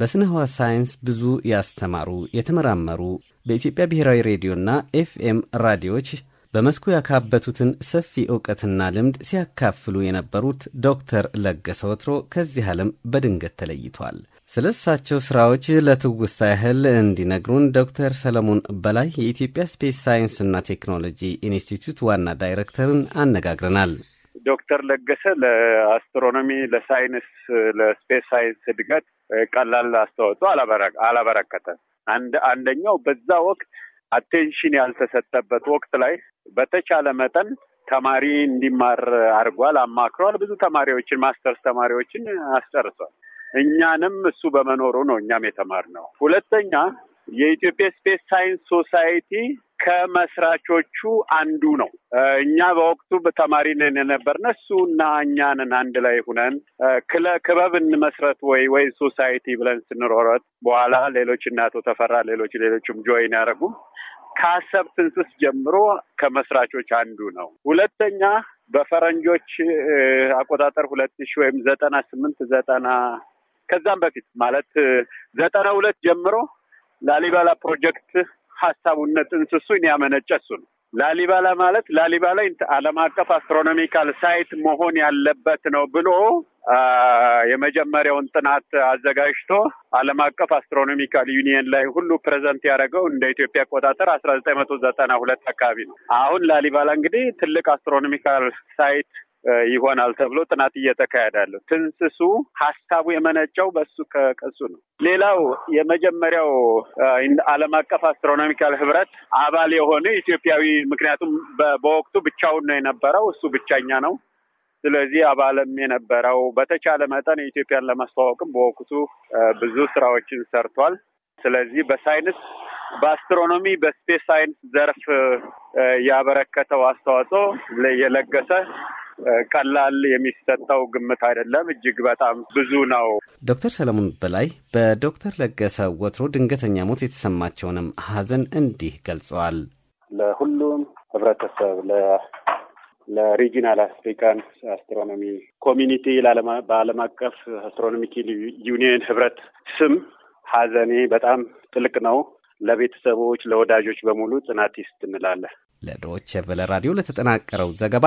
በሥነ ህዋ ሳይንስ ብዙ ያስተማሩ የተመራመሩ በኢትዮጵያ ብሔራዊ ሬዲዮና ኤፍኤም ራዲዮች በመስኩ ያካበቱትን ሰፊ እውቀትና ልምድ ሲያካፍሉ የነበሩት ዶክተር ለገሰ ወትሮ ከዚህ ዓለም በድንገት ተለይቷል። ስለ እሳቸው ሥራዎች ለትውስታ ያህል እንዲነግሩን ዶክተር ሰለሞን በላይ የኢትዮጵያ ስፔስ ሳይንስና ቴክኖሎጂ ኢንስቲትዩት ዋና ዳይሬክተርን አነጋግረናል። ዶክተር ለገሰ ለአስትሮኖሚ፣ ለሳይንስ፣ ለስፔስ ሳይንስ እድገት ቀላል አስተዋጽኦ አላበረከተም። አንድ አንደኛው በዛ ወቅት አቴንሽን ያልተሰጠበት ወቅት ላይ በተቻለ መጠን ተማሪ እንዲማር አድርጓል፣ አማክሯል። ብዙ ተማሪዎችን ማስተርስ ተማሪዎችን አስጨርሷል። እኛንም እሱ በመኖሩ ነው እኛም የተማር ነው። ሁለተኛ የኢትዮጵያ ስፔስ ሳይንስ ሶሳይቲ ከመስራቾቹ አንዱ ነው። እኛ በወቅቱ በተማሪ ነን የነበር እሱ እና እኛንን አንድ ላይ ሁነን ክበብ እንመስረት ወይ ወይ ሶሳይቲ ብለን ስንሮረት በኋላ ሌሎች እና አቶ ተፈራ ሌሎች ሌሎችም ጆይን ያደረጉ ከሀሳብ ትንስስ ጀምሮ ከመስራቾች አንዱ ነው። ሁለተኛ በፈረንጆች አቆጣጠር ሁለት ሺ ወይም ዘጠና ስምንት ዘጠና ከዛም በፊት ማለት ዘጠና ሁለት ጀምሮ ላሊበላ ፕሮጀክት ሀሳቡነት እንስሱን ያመነጨ እሱ ነው። ላሊባላ ማለት ላሊባላ ዓለም አቀፍ አስትሮኖሚካል ሳይት መሆን ያለበት ነው ብሎ የመጀመሪያውን ጥናት አዘጋጅቶ ዓለም አቀፍ አስትሮኖሚካል ዩኒየን ላይ ሁሉ ፕሬዘንት ያደረገው እንደ ኢትዮጵያ አቆጣጠር አስራ ዘጠኝ መቶ ዘጠና ሁለት አካባቢ ነው። አሁን ላሊባላ እንግዲህ ትልቅ አስትሮኖሚካል ሳይት ይሆናል ተብሎ ጥናት እየተካሄዳለሁ። ትንስሱ ሀሳቡ የመነጨው በሱ ከቀሱ ነው። ሌላው የመጀመሪያው ዓለም አቀፍ አስትሮኖሚካል ህብረት አባል የሆነ ኢትዮጵያዊ፣ ምክንያቱም በወቅቱ ብቻውን ነው የነበረው፣ እሱ ብቸኛ ነው። ስለዚህ አባልም የነበረው በተቻለ መጠን የኢትዮጵያን ለማስተዋወቅም በወቅቱ ብዙ ስራዎችን ሰርቷል። ስለዚህ በሳይንስ በአስትሮኖሚ በስፔስ ሳይንስ ዘርፍ ያበረከተው አስተዋጽኦ የለገሰ ቀላል የሚሰጠው ግምት አይደለም። እጅግ በጣም ብዙ ነው። ዶክተር ሰለሞን በላይ በዶክተር ለገሰ ወትሮ ድንገተኛ ሞት የተሰማቸውንም ሀዘን እንዲህ ገልጸዋል። ለሁሉም ህብረተሰብ ለሪጂናል አፍሪካን አስትሮኖሚ ኮሚኒቲ በዓለም አቀፍ አስትሮኖሚካል ዩኒየን ህብረት ስም ሀዘኔ በጣም ጥልቅ ነው። ለቤተሰቦች፣ ለወዳጆች በሙሉ ጽናት ይስጥ እንላለን። ለዶይቼ ራዲዮ ለተጠናቀረው ዘገባ